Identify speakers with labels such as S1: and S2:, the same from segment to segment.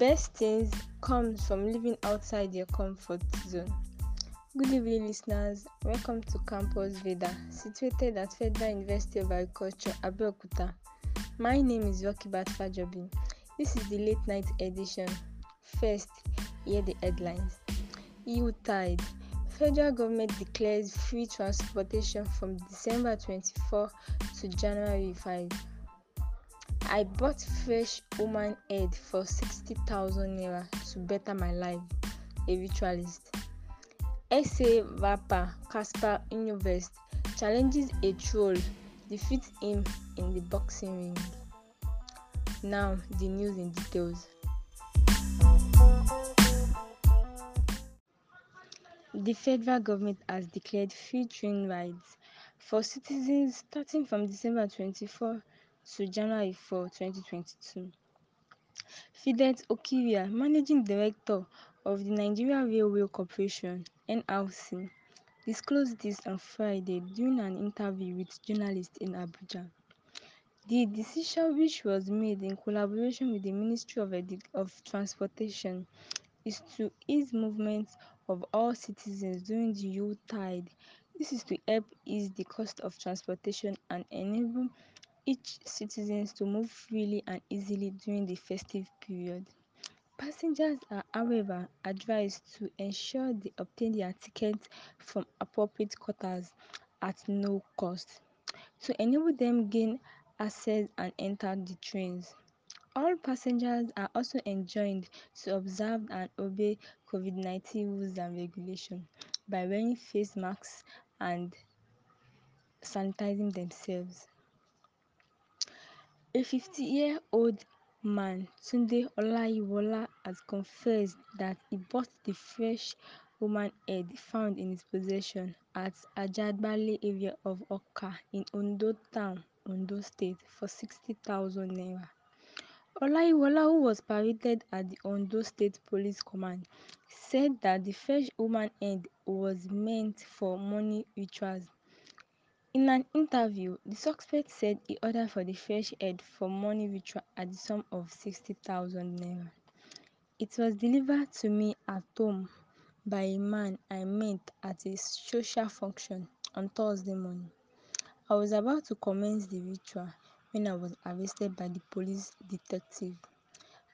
S1: best things comes from living outside your comfort zone. Good evening, listeners. Welcome to Campus Veda, situated at Federal University of Agriculture, Abeokuta. My name is Rocky Batfajobin. This is the late night edition. First, hear the headlines. EU tide. Federal government declares free transportation from December 24 to January 5. I bought fresh woman head for 60,000 naira to better my life, a ritualist. SA rapper Casper Univest challenges a troll, defeats him in the boxing ring. Now, the news in details. The federal government has declared free train rides for citizens starting from December 24 to January 4, 2022. Fidet Okiria, Managing Director of the Nigeria Railway Corporation (NRC), disclosed this on Friday during an interview with journalists in Abuja. The decision, which was made in collaboration with the Ministry of, of Transportation, is to ease movements of all citizens during the U-tide. This is to help ease the cost of transportation and enable each citizens to move freely and easily during the festive period. Passengers are, however, advised to ensure they obtain their tickets from appropriate quarters at no cost to enable them gain access and enter the trains. All passengers are also enjoined to observe and obey COVID-19 rules and regulations by wearing face masks and sanitizing themselves. A 50-year-old man, Tunde Olaiwola, has confessed that he bought the fresh woman head found in his possession at Ajibade area of Awka in Ondo Town, Ondo State, for 60,000 naira. Olaiwola, who was paraded at the Ondo State Police Command, said that the fresh woman head was meant for money rituals. In an interview, the suspect said he ordered for the fresh head for money ritual at the sum of 60,000 naira. It was delivered to me at home by a man I met at a social function on Thursday morning. I was about to commence the ritual when I was arrested by the police detective.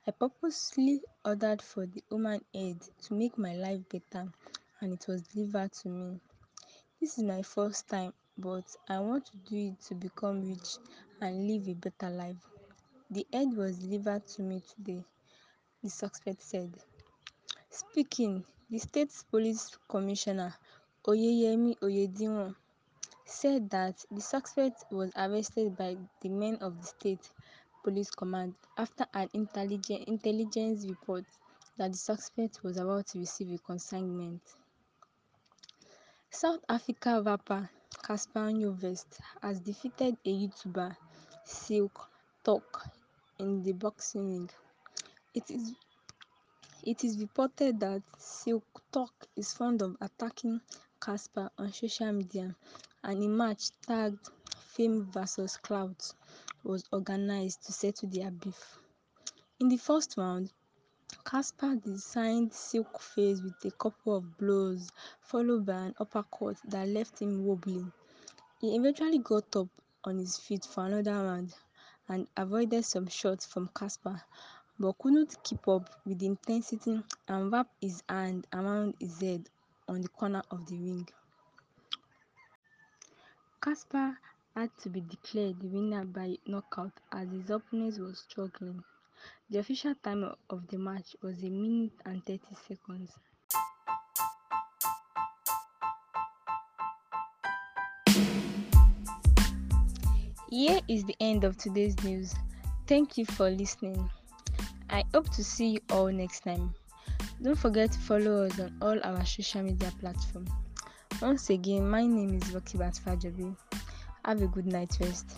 S1: I purposely ordered for the human head to make my life better and it was delivered to me. This is my first time but I want to do it to become rich and live a better life. The head was delivered to me today, the suspect said. Speaking, the state police commissioner Oyeyemi Oyedimu said that the suspect was arrested by the men of the state police command after an intelligence report that the suspect was about to receive a consignment. South Africa rapper Casper Nyovest has defeated a YouTuber, Silk Talk, in the boxing ring. It is it is reported that Silk Talk is fond of attacking Casper on social media and a match tagged Fame vs Clout was organized to settle their beef. In the first round, Caspar designed Silk Face with a couple of blows, followed by an uppercut that left him wobbling. He eventually got up on his feet for another round and avoided some shots from Caspar but couldn't keep up with the intensity and wrapped his hand around his head on the corner of the ring. Caspar had to be declared the winner by knockout as his opponent was struggling. The official time of the match was a minute and 30 seconds. Here is the end of today's news. Thank you for listening. I hope to see you all next time. Don't forget to follow us on all our social media platforms. Once again, my name is Vokibat Fajabi. Have a good night rest.